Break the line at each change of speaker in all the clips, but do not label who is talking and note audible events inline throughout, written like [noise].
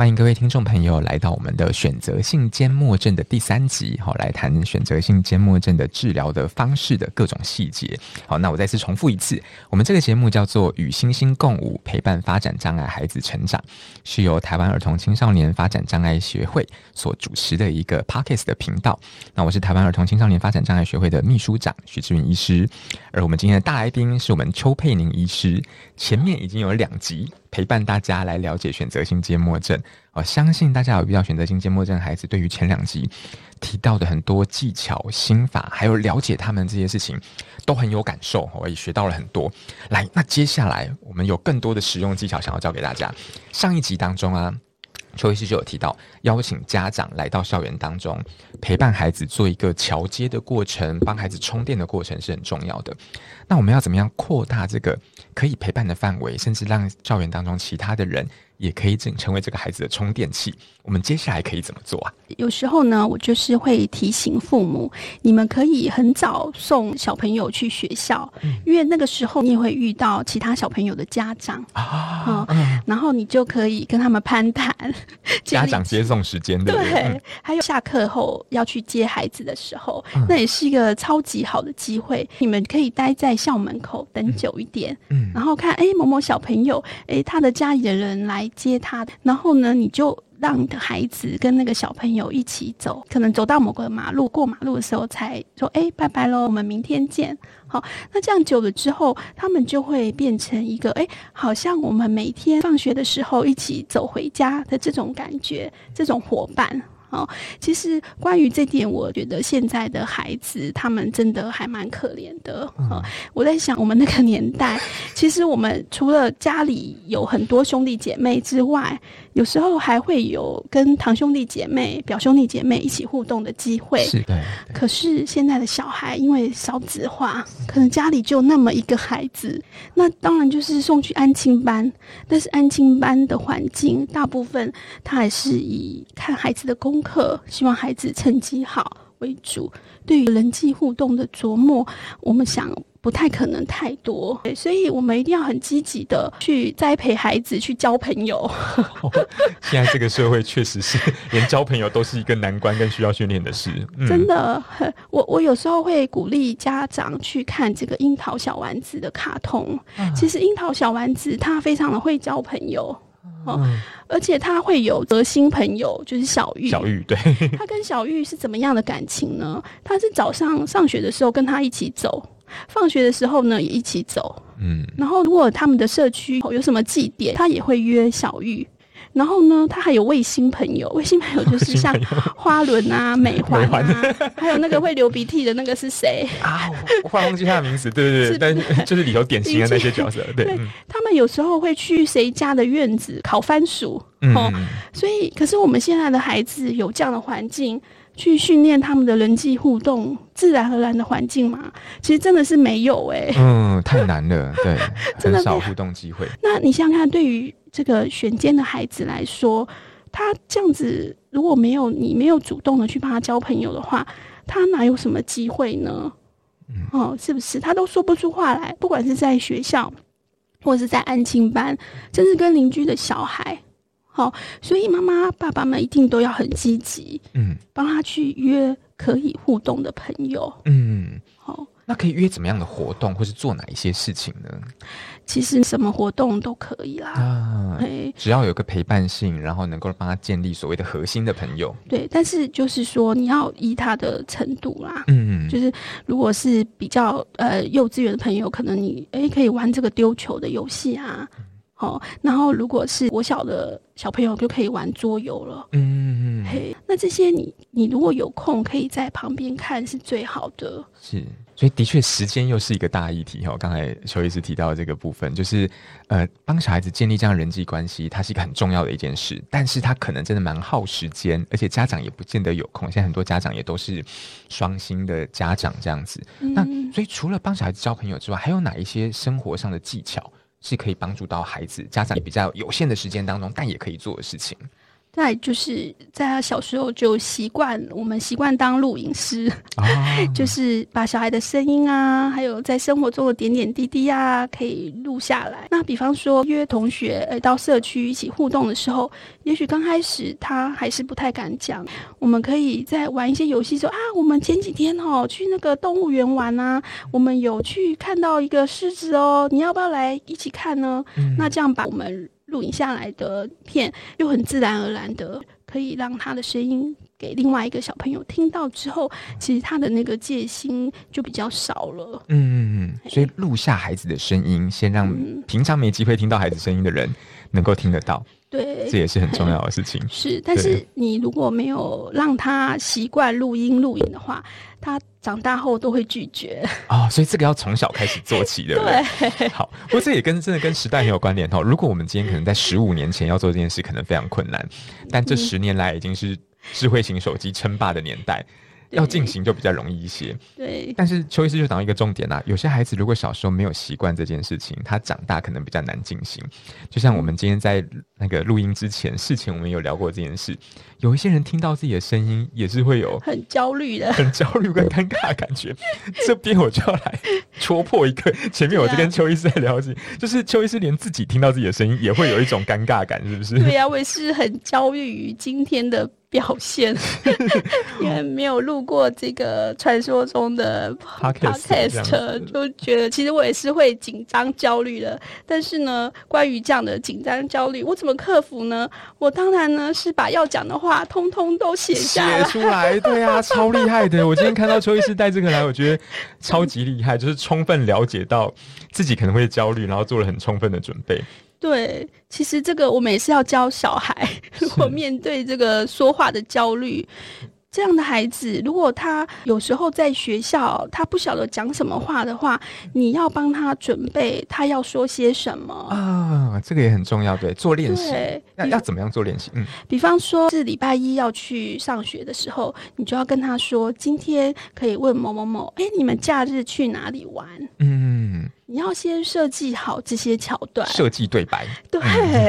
歡迎各位聽眾朋友來到我們的選擇性緘默症的第三集，好來談選擇性緘默症的治療的方式的各種細節。好，那我再次重複一次，我們這個節目叫做《與星星共舞》，陪伴發展障礙孩子成長，是由台灣兒童青少年發展障礙學會所主持的一個 podcast 的頻道。那我是台灣兒童青少年發展障礙學會的秘書長徐志雲醫師，而我們今天的大來賓是我們邱姵寧醫師。前面已經有兩集。陪伴大家來了解選擇性緘默症，我、哦、相信大家有遇到選擇性緘默症的孩子，對於前兩集提到的很多技巧、心法，還有了解他們這些事情，都很有感受，我、哦、也學到了很多。來，那接下來我們有更多的實用技巧想要教給大家。上一集當中啊。邱醫師就有提到，邀請家長來到校園當中，陪伴孩子做一個橋接的過程，幫孩子充電的過程是很重要的。那我們要怎麼樣擴大這個可以陪伴的範圍，甚至讓校園當中其他的人也可以整成為這個孩子的充電器。我們接下來可以怎麼做啊？
有時候呢，我就是會提醒父母，你們可以很早送小朋友去學校，嗯、因為那個時候你也會遇到其他小朋友的家長啊、哦嗯，然後你就可以跟他們攀談。
家長接送時間的，對、嗯，
還有下課後要去接孩子的時候，嗯、那也是一個超級好的機會、嗯。你們可以待在校門口等久一點，嗯，然後看，哎、欸，某某小朋友，哎、欸，他的家裡的人來。接他的，然後呢，你就讓你的孩子跟那個小朋友一起走，可能走到某個馬路過馬路的時候，才說：“哎，拜拜嘍，我們明天見。”好，那這樣久了之後，他們就會變成一個哎，好像我們每天放學的時候一起走回家的這種感覺，這種夥伴。哦，其實關於這點，我覺得現在的孩子他們真的還蠻可憐的。嗯。我在想，我們那個年代，其實我們除了家裡有很多兄弟姐妹之外，有時候還會有跟堂兄弟姐妹、表兄弟姐妹一起互動的機會。是，對，可是現在的小孩因為少子化，可能家裡就那麼一個孩子，那當然就是送去安親班。但是安親班的環境，大部分他還是以看孩子的工作，課，希望孩子成績好為主，對於人際互動的琢磨，我們想不太可能太多。對，所以我們一定要很積極的去栽培孩子去交朋友。
[laughs] 現在這個社會確實是連交朋友都是一個難關跟需要訓練的事。嗯、真的
我我有時候會鼓勵家長去看這個櫻桃小丸子的卡通。其實櫻桃小丸子他非常的會交朋友。哦，而且他會有得心朋友，就是小玉。小玉對，他跟小玉是怎麼樣的感情呢？他是早上上學的時候跟他一起走，放學的時候呢也一起走。嗯，然後如果他們的社區有什麼祭典，他也會約小玉。然後呢，他還有衛星朋友，衛星朋友就是像花輪啊、 [laughs] 美環環啊， [laughs] 啊，還有那個會流鼻涕的那個是誰
啊？我忘記他的名字，對對對，但是就是裡頭典型的那些角色，對，對
他們有時候會去誰家的院子烤番薯，哦、嗯，所以可是我們現在的孩子有這樣的環境。去訓練他們的人際互動，自然而然的環境嘛，其實真的是沒有哎、欸。
嗯，太難了，對， [laughs] 真的很少互動機會。那
你想想看，對於這個選緘的孩子來說，他這樣子如果沒有你沒有主動的去幫他交朋友的話，他哪有什麼機會呢、嗯？哦，是不是？他都說不出話來，不管是在學校，或者是在安親班，甚至跟鄰居的小孩。所以媽媽、爸爸們一定都要很積極，嗯，幫他去約可以互動的朋友，嗯，
好，那可以約怎麼樣的活動，或是做哪一些事情呢？
其實什麼活動都可以啦，
啊、可以，只要有個陪伴性，然後能夠幫他建立所謂的核心的朋友，
對。但是就是說，你要依他的程度啦，嗯，就是如果是比較呃幼稚園的朋友，可能你哎可以玩這個丟球的遊戲啊。哦，然後如果是國小的小朋友，就可以玩桌遊
了。
嗯嗯嗯。嘿，那這些你你如果有空，可以在旁邊看是最好的。
是，所以的確時間又是一個大議題哈。剛、哦、才邱醫師提到的這個部分，就是呃，幫小孩子建立這樣的人際關係，它是一個很重要的一件事，但是他可能真的蠻耗時間，而且家長也不見得有空。現在很多家長也都是雙薪的家長這樣子。嗯、那所以除了幫小孩子交朋友之外，還有哪一些生活上的技巧？是可以幫助到孩子，家長比較有限的時間當中，但也可以做的事情。
在就是在他小時候就習慣，我們習慣當錄影師，啊、 [laughs] 就是把小孩的聲音啊，還有在生活中的點點滴滴啊，可以錄下來。那比方說，約同學呃到社區一起互動的時候，也許剛開始他還是不太敢講，我們可以在玩一些遊戲，說啊，我們前幾天哦去那個動物園玩啊，我們有去看到一個獅子哦，你要不要來一起看呢？嗯、那這樣吧，我們。錄影下來的片，又很自然而然的可以讓他的聲音給另外一個小朋友聽到之後，其實他的那個戒心就比較少了。
嗯嗯嗯，所以錄下孩子的聲音，先讓平常沒機會聽到孩子聲音的人能夠聽得到。
對，這也是很重要的事情。是，但是你如果沒有讓他習慣錄音錄影的話，他長大後都會拒絕。
哦，所以這個要從小開始做起的對不對？對，好，不過這也跟真的跟時代很有關聯哈、哦。如果我們今天可能在十五年前要做這件事，可能非常困難，但這十年來已經是智慧型手機稱霸的年代。嗯嗯要進行就比較容易一些，對。對，但是邱醫師就講到一個重點啦、啊。有些孩子如果小時候沒有習慣這件事情，他長大可能比較難進行。就像我們今天在那個錄音之前，事前我們有聊過這件事，有一些人聽到自己的聲音也是會有很
焦慮的、很
焦慮跟尷尬的感覺。 [laughs] 這邊我就要來戳破一個，前面我就跟邱醫師在聊起、啊，就是邱醫師連自己聽到自己的聲音也會有一種尷尬感，是不是？對呀、
啊，我也是很焦慮於今天的表現，因 [laughs] 為沒有錄過這個傳說中的 podcast， [laughs] 就覺得其實我也是會緊張焦慮的。但是呢，關於這樣的緊張焦慮，我怎麼克服呢？我當然呢是把要講的話通通都寫下來，寫出來，
對啊，超厲害的。 [laughs] 我今天看到邱醫師帶這個來，我覺得超級厲害，就是充分了解到自己可能會焦慮，然後做了很充分的準備。
對，其實這個我每次要教小孩，如果 [laughs] 面對這個說話的焦慮，這樣的孩子，如果他有時候在學校他不曉得講什麼話的話，你要幫他準備他要說些什麼
啊，哦，這個也很重要，對，做練習。對，要要怎麼樣做練習？嗯，
比方說是禮拜一要去上學的時候，你就要跟他說，今天可以問某某某，哎，你們假日去哪裡玩？嗯。你要先設計好這些橋段，設
計對白。
對，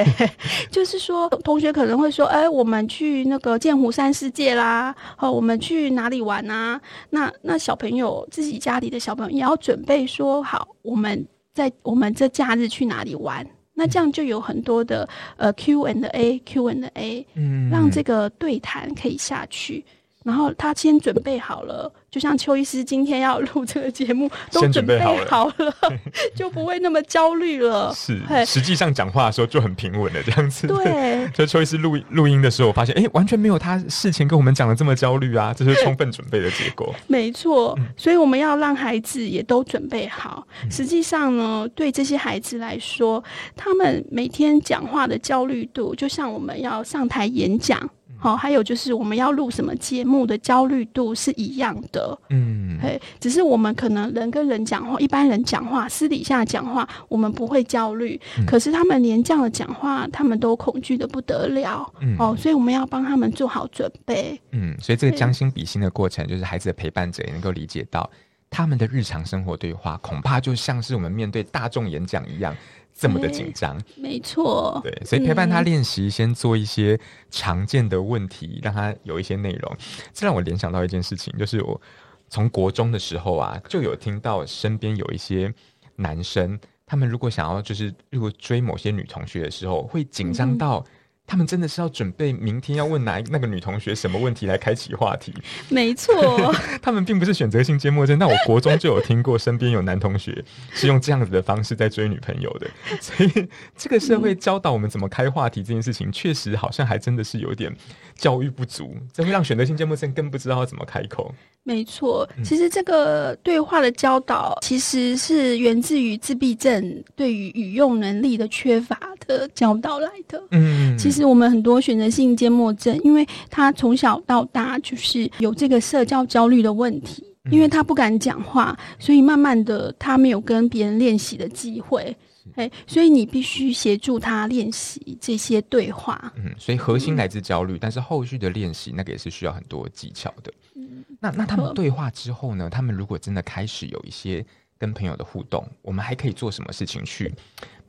[laughs] 就是說，同學可能會說：“哎、欸，我們去那個劍湖山世界啦，好，我們去哪裡玩啊？”那那小朋友自己家裡的小朋友也要準備說好，我們在我們這假日去哪裡玩？那這樣就有很多的、嗯、呃 Q and A，Q and A，嗯，讓這個對談可以下去。然後他先準備好了。就像邱醫師今天要錄這個節目，都準備好了，好了 [laughs] 就不會那麼焦慮了。是，
實際上講話的時候就很平穩了這樣子。對，所以邱醫師錄音錄音的時候，我發現，哎、欸，完全沒有他事前跟我們講的這麼焦慮啊，這是充分準備的結果。
沒錯，所以我們要讓孩子也都準備好。嗯、實際上呢，對這些孩子來說，他們每天講話的焦慮度，就像我們要上台演講。好、哦，還有就是我們要錄什麼節目的焦慮度是一樣的，嗯，嘿，只是我們可能人跟人講話，一般人講話，私底下講話，我們不會焦慮、嗯，可是他們連這樣的講話，他們都恐懼得不得了、嗯，哦，所以我們要幫他們做好準備。嗯，
所以這個將心比心的過程，就是孩子的陪伴者也能夠理解到，他們的日常生活對話，恐怕就像是我們面對大眾演講一樣。這麼的緊張，
沒錯，對，所以陪伴他練習，
先做一些常見的問題，讓他有一些內容。這讓我聯想到一件事情，就是我從國中的時候啊，就有聽到身邊有一些男生，他們如果想要就是，如果追某些女同學的時候，會緊張到，嗯。他們真的是要準備明天要問男那個女同學什麼問題來開啟話題沒？
沒錯，他們
並不是選擇性緘默症。那我國中就有聽過，身邊有男同學是用這樣子的方式在追女朋友的，所以這個社會教導我們怎麼開話題這件事情，確、嗯、實好像還真的是有點教育不足，這會讓選擇性緘默症更不知道要怎麼開口。
沒錯、嗯，其實這個對話的教導其實是源自於自閉症對於語用能力的缺乏的教導來的。嗯，其實。是我們很多選擇性緘默症，因為他從小到大就是有這個社交焦慮的問題，因為他不敢講話，所以慢慢的他沒有跟別人練習的機會。欸，所以你必須協助他練習這些對話。
嗯，所以核心來自焦慮。嗯，但是後續的練習那個也是需要很多技巧的。嗯，
那那他們對話
之後呢？他們如果真的開始有一些跟朋友的互動，我們還可以做什麼事情去？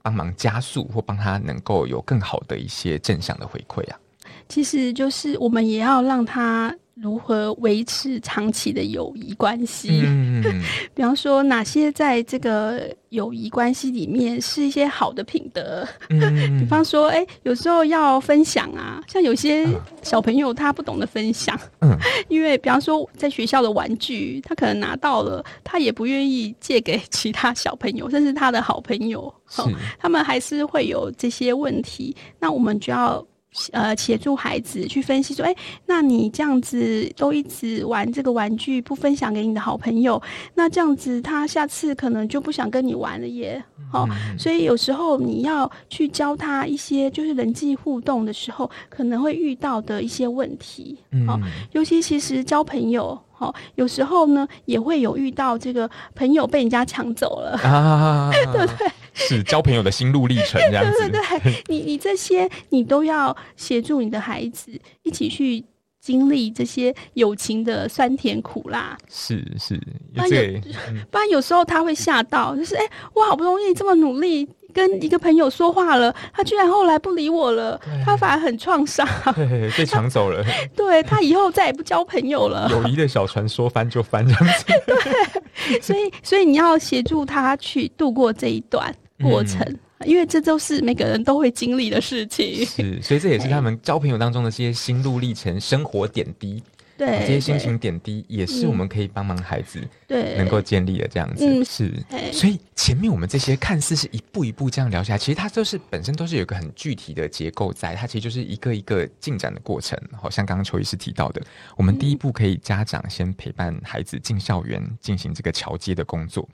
幫忙加速，或幫他能夠有更好的一些正向的回饋啊。
其實就是我們也要讓他如何維持長期的友誼關係，嗯。 [laughs] 比方說，哪些在這個友誼關係裡面是一些好的品德？ [laughs] 比方說，哎、欸，有時候要分享啊。像有些小朋友他不懂得分享。 [laughs] 因為比方說，在學校的玩具，他可能拿到了，他也不願意借給其他小朋友，甚至他的好朋友。是。他們還是會有這些問題。那我們就要。呃，協助孩子去分析說，哎、欸，那你這樣子都一直玩這個玩具，不分享給你的好朋友，那這樣子他下次可能就不想跟你玩了耶。哦、嗯，所以有時候你要去教他一些就是人際互動的時候可能會遇到的一些問題。哦、嗯，尤其其實交朋友，哦，有時候呢也會有遇到這個朋友被人家搶走了。啊、 [laughs] 對不對？
是交朋友的心路歷程，這樣子。對對對，
你你這些你都要協助你的孩子一起去經歷這些友情的酸甜苦辣。
是是，不然
不然有時候他會嚇到，就是哎，我好不容易這麼努力跟一個朋友說話了，他居然後來不理我了，他反而很創傷，
被搶走了。
他對他以後再也不交朋友了。友
誼的小船說翻就翻，這樣子。
對，所以所以你要協助他去度過這一段。嗯、過程，因為這都是每個人都會經歷的事情，是，
所以這也是他們交朋友當中的這些心路歷程、生活點滴，對，這些心情點滴也是我們可以幫忙孩子，對，能夠建立的這樣子。對，是，嗯，是，所以前面我們這些看似是一步一步這樣聊下來，其實它都是本身都是有一個很具體的結構在，它其實就是一個一個進展的過程。好像剛剛邱醫師提到的，我們第一步可以家長先陪伴孩子進校園，進行這個橋接的工作。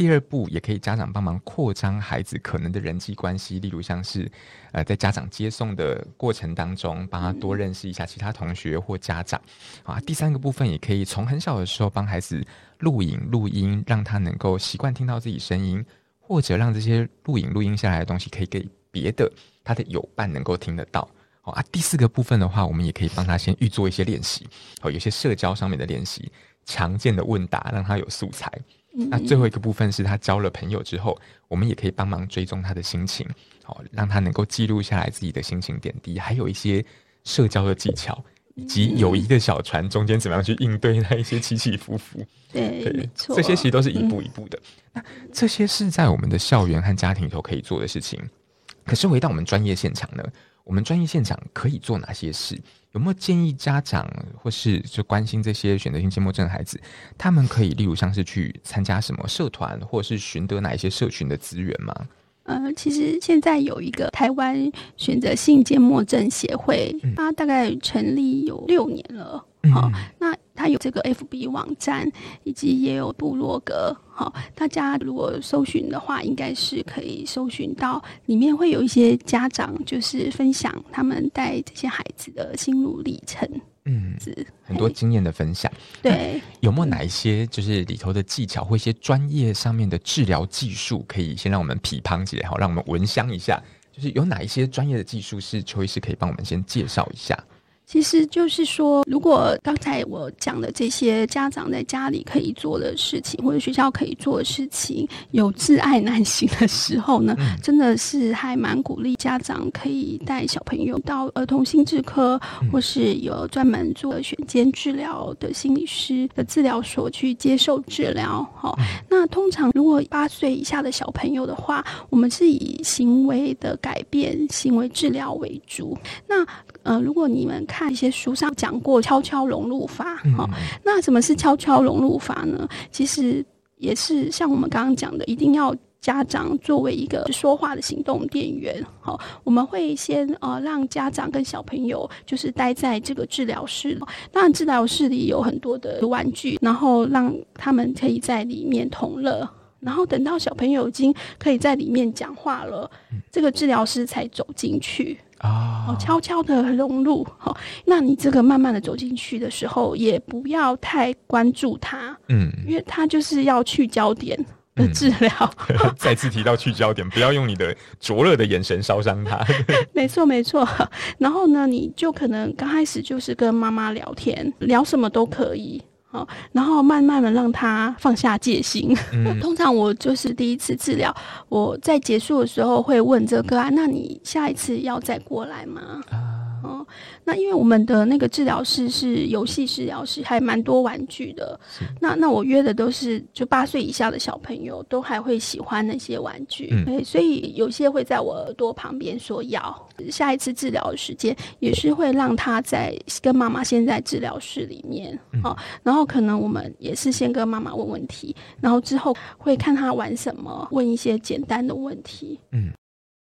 第二步也可以家長幫忙擴張孩子可能的人際關係，例如像是，呃，在家長接送的過程當中，幫他多認識一下其他同學或家長啊。第三個部分也可以從很小的時候幫孩子錄影錄音，讓他能夠習慣聽到自己聲音，或者讓這些錄影錄音下來的東西可以給別的他的友伴能夠聽得到。好啊，第四個部分的話，我們也可以幫他先預做一些練習哦，有些社交上面的練習，常見的問答，讓他有素材。那最後一個部分是他交了朋友之後，我們也可以幫忙追蹤他的心情，好讓他能夠記錄下來自己的心情點滴，還有一些社交的技巧，以及友誼的小船中間怎麼樣去應對那一些起起伏伏。對，對，沒錯，這些其實都是一步一步的。那、嗯、這些是在我們的校園和家庭裡頭可以做的事情，可是回到我們專業現場呢？我們專業現場可以做哪些事？有沒有建議家長，或是就關心這些選擇性緘默症孩子，他們可以，例如像是去參加什麼社團，或是尋得哪一些社群的資源嗎？
呃，其實現在有一個台灣選擇性緘默症協會，嗯，它大概成立有六年了。好，嗯哦，那。它有這個 FB 網站，以及也有部落格。好，大家如果搜尋的話，應該是可以搜尋到裡面會有一些家長，就是分享他們帶這些孩子的心路歷程，嗯，
很多經驗的分享。
對、嗯，
有沒有哪一些就是裡頭的技巧或一些專業上面的治療技術，可以先讓我們匹乓起來，好，讓我們聞香一下。就是有哪一些專業的技術，是邱醫師可以幫我們先介紹
一下？其實就是說，如果剛才我講的這些家長在家裡可以做的事情，或者學校可以做的事情，有窒礙難行的時候呢，真的是還蠻鼓勵家長可以帶小朋友到兒童心智科，或是有專門做選緘治療的心理師的治療所去接受治療。好，那通常如果八歲以下的小朋友的話，我們是以行為的改變、行為治療為主。那呃，如果你們看。看一些書上講過悄悄融入法、嗯，嗯、那什麼是悄悄融入法呢？其實也是像我們剛剛講的，一定要家長作為一個說話的行動電源。好，我們會先呃讓家長跟小朋友就是待在這個治療室，當然治療室裡有很多的玩具，然後讓他們可以在裡面同樂，然後等到小朋友已經可以在裡面講話了，這個治療師才走進去。哦、oh，悄悄的融入法。那你這個慢慢的走進去的時候，也不要太關注他，嗯，因為他就是要去焦點的治療。嗯、
[laughs] 再次提到去焦點，不要用你的灼熱的眼神燒傷他。
[laughs] 沒錯，沒錯。然後呢，你就可能剛開始就是跟媽媽聊天，聊什麼都可以。好，然後慢慢的讓他放下戒心，嗯。通常我就是第一次治療，我在結束的時候會問這個啊：那你下一次要再過來嗎？那因為我們的那個治療室是遊戲治療室，還蠻多玩具的。那那我約的都是就八歲以下的小朋友，都還會喜歡那些玩具。嗯。所以有些會在我耳朵旁邊說要下一次治療的時間，也是會讓他在跟媽媽先在治療室裡面哦。嗯。然後可能我們也是先跟媽媽問問題，然後之後會看他玩什麼，問一些簡單的問題。嗯。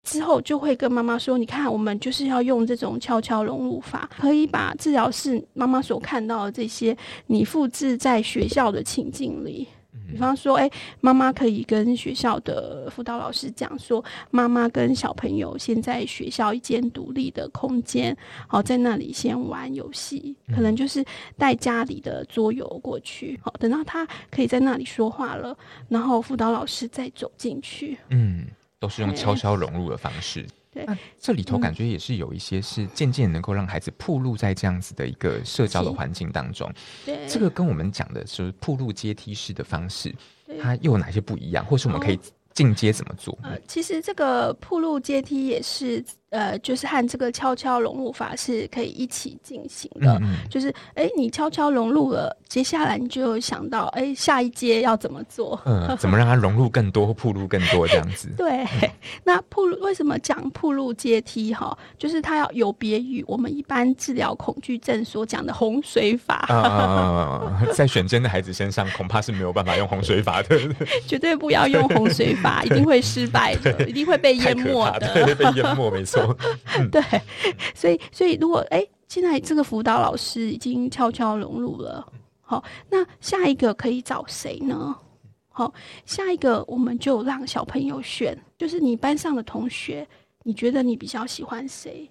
之後就會跟媽媽說：“你看，我們就是要用這種悄悄融入法，可以把治療室媽媽所看到的這些，你複製在學校的情境裡。比方說，哎、欸，媽媽可以跟學校的輔導老師講說，媽媽跟小朋友先在學校一間獨立的空間，好，在那裡先玩遊戲，可能就是帶家裡的桌遊過去。好，等到他可以在那裡說話了，然後輔導老師再走進去。”嗯。
都是用悄悄融入的方式。對，那、啊、這裡頭感覺也是有一些是漸漸能夠讓孩子暴露在這樣子的一個社交的環境當中、嗯。對，這個跟我們講的就是暴露階梯式的方式，它又有哪些不一樣，或是我們可以進階怎麼做、
嗯、呃？其實這個暴露階梯也是。呃，就是和這個悄悄融入法是可以一起進行的，嗯嗯就是哎、欸，你悄悄融入了，接下來你就想到哎、欸，下一階要怎麼做？嗯、呃，怎麼讓
它融入更多，暴露更多這樣
子？ [laughs] 對，嗯、那暴露為什麼講暴露階梯、哦？哈，就是它要有別於我們一般治療恐懼症所講的洪水法。 [laughs] 呃、
在選緘的孩子身上，恐怕是沒有辦法用洪水法的，對對對對，
絕對不要用洪水法，一定會失敗的，一定會被淹沒的，對，被淹沒沒錯。 [laughs] 對、嗯，所以所以如果哎，現在這個輔導老師已經悄悄融入了，好，那下一個可以找誰呢？好，下一個我們就讓小朋友選，就是你班上的同學，你覺得你比較喜歡誰？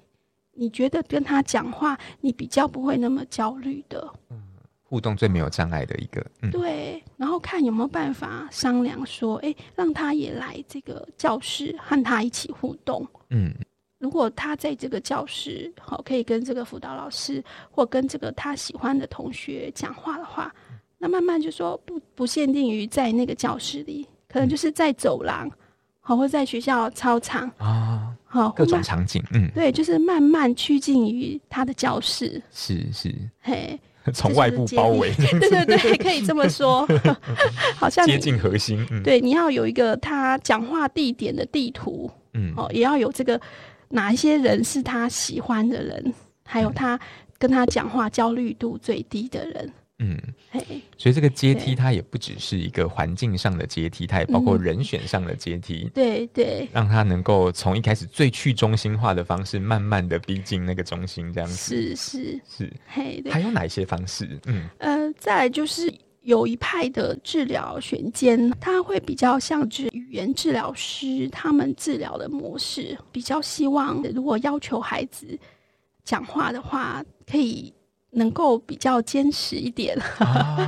你覺得跟他講話，你比較不會那麼焦慮的、嗯？
互動最沒有障礙的一個、嗯。
對，然後看有沒有辦法商量說，哎、欸，讓他也來這個教室，和他一起互動。嗯。如果他在這個教室，好，可以跟這個輔導老師或跟這個他喜歡的同學講話的話，那慢慢就說不不限定於在那個教室裡，可能就是在走廊，好、嗯，或在學校操場啊，好各種場景、哦，嗯，對，就是慢慢趨近於他的教室，
是是，
嘿，從外部包圍，包對對對，可以這麼說，
[laughs] 好像，接近核心、嗯，對，你
要有一個他講話地點的地圖，嗯，哦，也要有這個。哪一些人是他喜歡的人，還有他跟他講話焦慮度最低的人。嗯，嘿，
所以這個階梯它也不只是一個環境上的階梯，它也包括人選上的階梯。嗯、
對對，
讓他能夠從一開始最去中心化的方式，慢慢的逼近那個中心，這樣子。是是是，
嘿，還有哪一
些方式？嗯，
呃，再來就是。有一派的治療選緘，他會比較像是語言治療師，他們治療的模式比較希望，如果要求孩子講話的話，可以能夠比較堅持一點。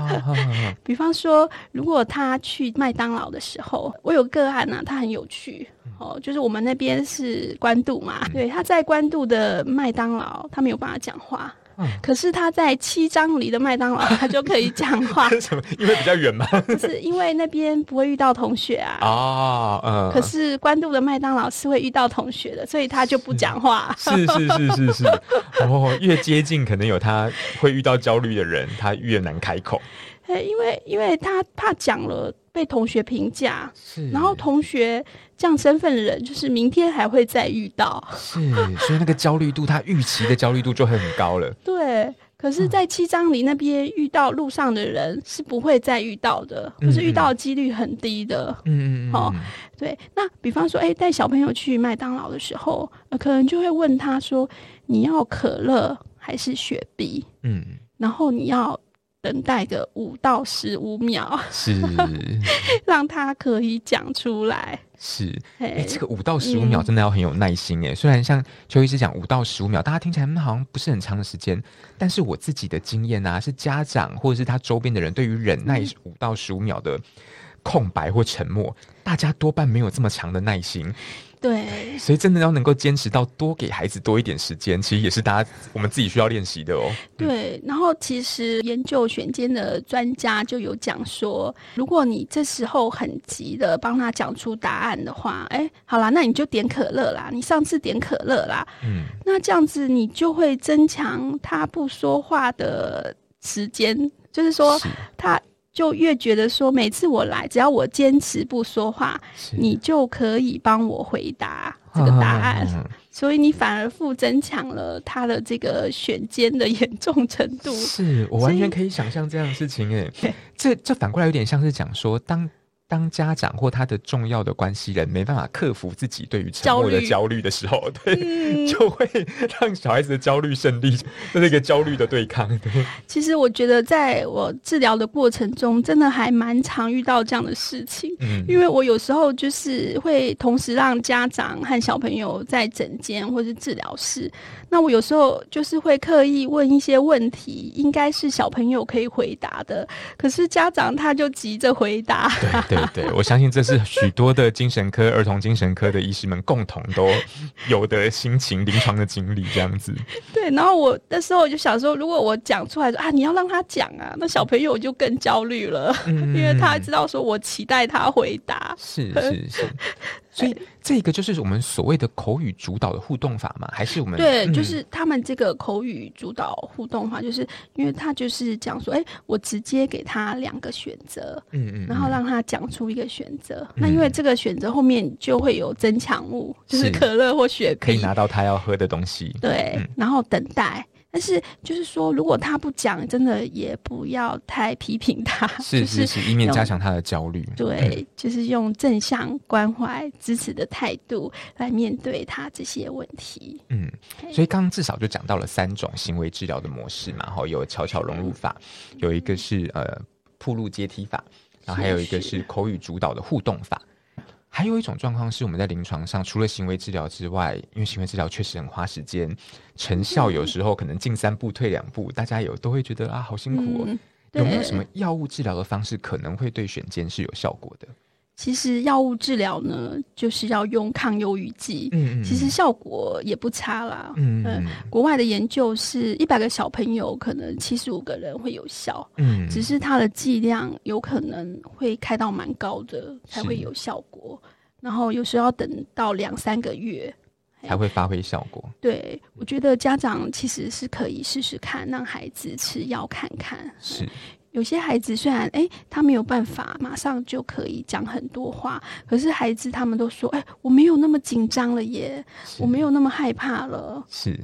[laughs] 比方說，如果他去麥當勞的時候，我有個案呢、啊，他很有趣哦，就是我們那邊是關渡嘛，對，他在關渡的麥當勞，他沒有辦法講話。可是他在七張裡的麥當勞，他就可以講話。什麼？因為比
較遠嘛。
[laughs] 就是因為那邊不會遇到同學啊。
哦，嗯。可是
關渡的麥當勞是會遇到同學的，所以他就不講話。是是是是是。是
是是是 [laughs] 哦，越接近可能有他會遇到焦慮的人，他越難開口。
對，因為因為他怕講了被同學評價，是，然後同學這樣身份的人，就是明天還會再遇到，
是，所以那個焦慮度， [laughs] 他預期的焦慮度就會很高了。
對，可是，在七張里那邊遇到路上的人是不會再遇到的，可、嗯、是遇到的幾率很低的。嗯嗯、哦、對，那比方說，哎，帶小朋友去麥當勞的時候，可能就會問他說：“你要可樂還是雪碧？”嗯，然後你要。等待個五到十五秒，是 [laughs] 讓他可以講出來。
是，欸、這個五到十五秒真的要很有耐心哎、嗯。雖然像邱醫師講五到十五秒，大家聽起來好像不是很長的時間，但是我自己的經驗啊，是家長或者是他周邊的人，對於忍耐五到十五秒的空白或沉默。嗯嗯大家多半沒有這麼強的耐心，
對，所
以真的要能夠堅持到多給孩子多一點時間，其實也是大家我們自己需要練習的哦。
對、嗯，然後其實研究選緘的專家就有講說，如果你這時候很急的幫他講出答案的話，哎、欸，好啦，那你就點可樂啦，你上次點可樂啦，嗯，那這樣子你就會增強他不說話的時間，就是說他是。就越覺得說，每次我來，只要我堅持不說話，你就可以幫我回答這個答案。啊、所以你反而負增強了他的這個選緘的嚴重程度。
是，我完全可以想象這樣的事情，誒 [laughs] 這這反過來有點像是講說當。當家長或他的重要的關係人沒辦法克服自己對於焦慮的焦慮的時候，對、嗯，就會讓小孩子的焦慮勝利，那個焦慮的對抗。對，
其實我覺得在我治療的過程中，真的還蠻常遇到這樣的事情。嗯，因為我有時候就是會同時讓家長和小朋友在診間或是治療室，那我有時候就是會刻意問一些問題，應該是小朋友可以回答的，可是家長他就急着回答。 [laughs] [laughs] 對，
對，對，我相信這是許多的精神科、 [laughs] 兒童精神科的醫師們共同都有的心情、臨 [laughs] 床的經歷這樣子。
對，然後我那時候我就想說，如果我講出來說啊，你要讓他講啊，那小朋友就更焦慮了，嗯、 [laughs] 因為他知道說我期待他回答。是是是。 [laughs] 所以這個
就是我們所謂的口語主導的互動法嘛？還是我們對、嗯，就是
他們這個口語主導互動法，就是因為他就是講說，哎，我直接給他兩個選擇，嗯嗯，嗯，然後讓他講出一個選擇、嗯。那因為這個選擇後面就會有增強物，就是可樂或雪碧，可
以拿到他要喝的東西。對、嗯、
然後等待。但是就是說，如果他不講，真的也不要太批評他，是是是，就是、以免加強
他的焦慮。對、嗯，
就是用正向關懷、支持的態度來面對他這些問題。
嗯，所以剛剛至少就講到了三種行為治療的模式嘛，哈，有悄悄融入法，有一個是呃暴露階梯法是是，然後還有一個是口語主導的互動法。還有一種狀況是，我們在臨床上除了行為治療之外，因為行為治療確實很花時間，成效有時候可能進三步、嗯、退兩步，大家有都會覺得啊，好辛苦哦。嗯、有沒有什麼藥物治療的方式，可能會對選緘是有效果的？
其實藥物治療呢，就是要用抗憂鬱劑。其實效果也不差啦。嗯，嗯，國外的研究是一百個小朋友，可能七十五個人會有效。嗯，只是它的劑量有可能會開到蠻高的才會有效果。然後有時候要等到兩三個月
才會發揮效果。
對，我覺得家長其實是可以試試看，讓孩子吃藥看看。嗯，是。有些孩子雖然哎、欸，他沒有辦法馬上就可以講很多話，可是孩子他們都說哎、欸，我沒有那麼緊張了耶，我沒有那麼害怕了。是，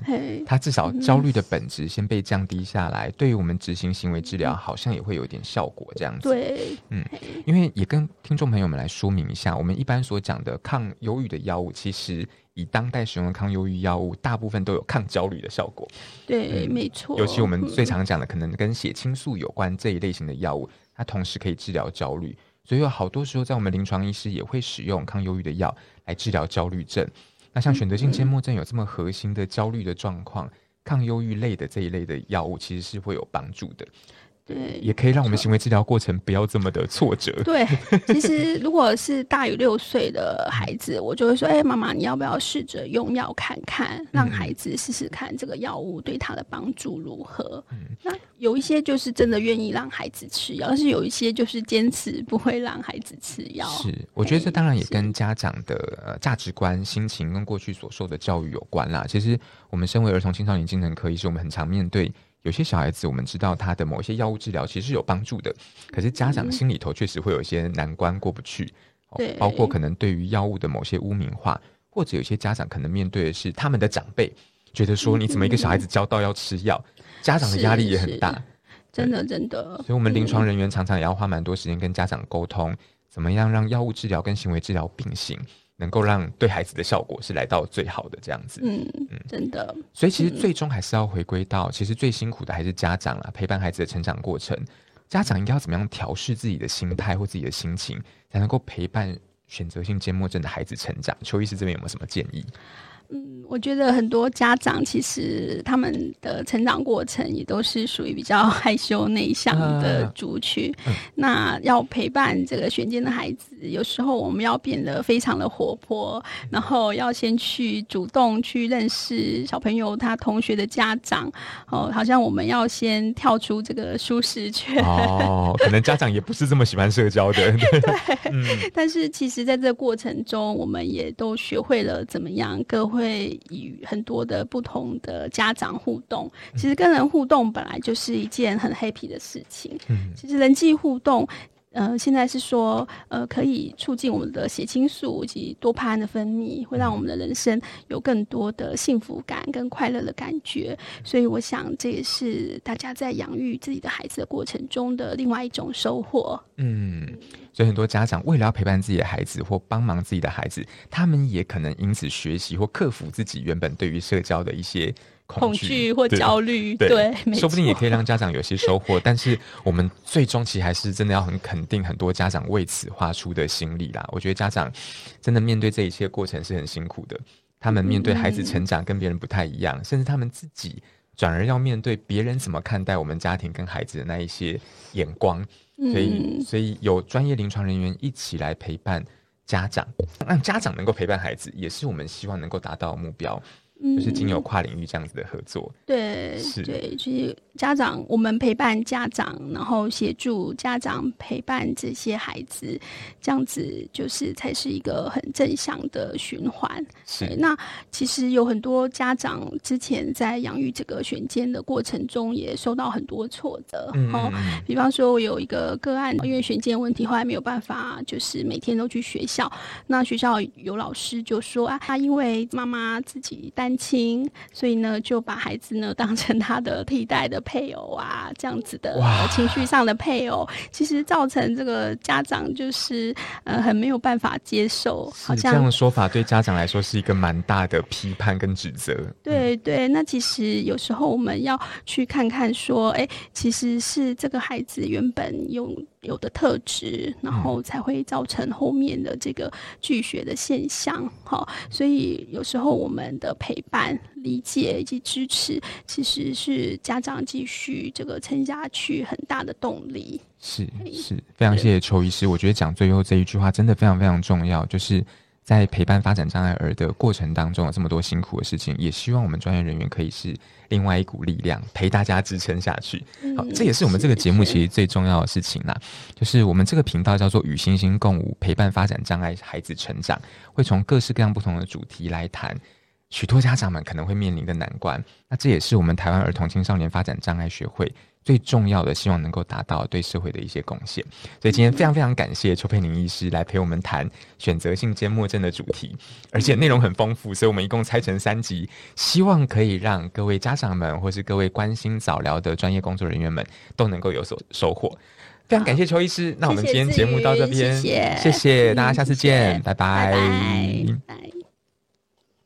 他至少焦慮
的本質先被降低下來，嗯、對於我們執行行為治療好像也會有點效果這樣子。對，嗯，因為也跟聽眾朋友們來說明一下，我們一般所講的抗憂鬱的藥物其實。以當代使用的抗憂鬱藥物，大部分都有抗焦慮的效果。
對，嗯、沒錯。尤其我們最常講
的、嗯，可能跟血清素有關這一類型的藥物，它同時可以治療焦慮。所以，有好多時候在我們臨床醫師也會使用抗憂鬱的藥來治療焦慮症。那像選擇性緘默症有這麼核心的焦慮的狀況、嗯嗯，抗憂鬱類的這一類的藥物其實是會有幫助的。
對，也可以讓我們
行為治療過程不要這麼的挫折。
對， [laughs] 其實如果是大於六歲的孩子，我就會說：“哎、欸，媽媽，你要不要試着用藥看看，讓孩子試試看這個藥物對他的幫助如何、嗯？”那有一些就是真的願意讓孩子吃藥，但是有一些就是堅持不會讓孩子吃藥。是，我覺得這
當然也跟家長的呃價值觀、心情跟過去所受的教育有關啦。其實我們身為兒童青少年精神科醫師，我們很常面對。有些小孩子，我們知道他的某些藥物治療其實是有幫助的，可是家長心裡頭確實會有一些難關過不去、
嗯、對，包括可
能對於藥物的某些污名化，或者有些家長可能面對的是他們的長輩覺得說你怎麼一個小孩子教到要吃藥，嗯、家長的壓力也很大，是是
真的真的，所以我們臨床人
員常常也要花蠻多時間跟家長溝通，嗯、怎麼樣讓藥物治療跟行為治療並行。能夠讓對孩子的效果是來到最好的這樣子，嗯
嗯，真的。所以其實最
終還是要回歸到，嗯，其實最辛苦的還是家長啊，陪伴孩子的成長過程。家長應該要怎麼樣調適自己的心態或自己的心情，才能夠陪伴選擇性緘默症的孩子成長？邱醫師這邊有沒有什麼建議？
嗯，我覺得很多家長其實他們的成長過程也都是屬於比較害羞內向的族群。呃、那要陪伴這個選緘的孩子，有時候我們要變得非常的活潑，然後要先去主動去認識小朋友他同學的家長。哦，好像我們要先跳出這個舒適圈。哦，可
能家長也不是這麼喜歡社交的。 [laughs] 對、嗯，
但是其實在這個過程中，我們也都學會了怎麼樣各會與很多的不同的家長互動，其實跟人互動本來就是一件很 happy 的事情。其實人際互動。呃，現在是說，呃，可以促進我們的血清素以及多巴胺的分泌，會讓我們的人生有更多的幸福感跟快樂的感覺。所以，我想這也是大家在養育自己的孩子的過程中的另外一種收穫。
嗯，所以很多家長為了要陪伴自己的孩子或幫忙自己的孩子，他們也可能因此學習或克服自己原本對於社交的一些。恐懼或焦慮，對，對對，沒，說不定也可以讓家長有些收穫。 [laughs] 但是我們最終其實還是真的要很肯定，很多家長為此付出的心力啦。我覺得家長真的面對這一切過程是很辛苦的。他們面對孩子成長跟別人不太一樣，嗯、甚至他們自己轉而要面對別人怎麼看待我們家庭跟孩子的那一些眼光、嗯。所以，所以有專業臨床人員一起來陪伴家長，讓家長能夠陪伴孩子，也是我們希望能夠達到的目標。就是經由跨領域這樣子的合作、嗯，
對，是，對，就是家長，我們陪伴家長，然後協助家長陪伴這些孩子，這樣子就是才是一個很正向的循環。是，那其實有很多家長之前在養育這個選緘的過程中，也受到很多挫折，哦，比方說，我有一個個案，因為選緘問題，後來沒有辦法，就是每天都去學校，那學校有老師就說啊，他因為媽媽自己帶。單親，所以呢，就把孩子呢當成他的替代的配偶啊，這樣子的哇、呃、情緒上的配偶，其實造成這個家長就是呃很沒有辦法接受。好像這樣的
說法對家長來說是一個蠻大的批判跟指責。
對、嗯、對，那其實有時候我們要去看看說，哎、欸，其實是這個孩子原本有有的特質，然後才會造成後面的這個拒絕的現象，哈、嗯。所以有時候我們的配。陪伴、理解以及支持，其實是家長繼續這個撐下去很大的動力。
是，是非常謝謝邱醫師。嗯，我覺得講最後這一句話真的非常非常重要，就是在陪伴發展障礙兒的過程當中，有這麼多辛苦的事情，也希望我們專業人員可以是另外一股力量，陪大家支撐下去。好，這也是我們這個節目其實最重要的事情啦。嗯，是，是。就是我們這個頻道叫做“與星星共舞”，陪伴發展障礙孩子成長，會從各式各樣不同的主題來談。許多家長們可能會面臨的難關，那這也是我們台灣兒童青少年發展障礙學會最重要的，希望能夠達到對社會的一些貢獻。所以今天非常非常感謝邱姵寧醫師來陪我們談選擇性緘默症的主題，嗯、而且內容很豐富，所以我們一共拆成三集，希望可以讓各位家長們或是各位關心早療的專業工作人員們都能夠有所收穫。非常感謝邱醫師，那我們今天節目到這邊，謝謝，
謝、謝、謝、謝大家，下次見，嗯、謝謝拜拜。拜拜拜拜。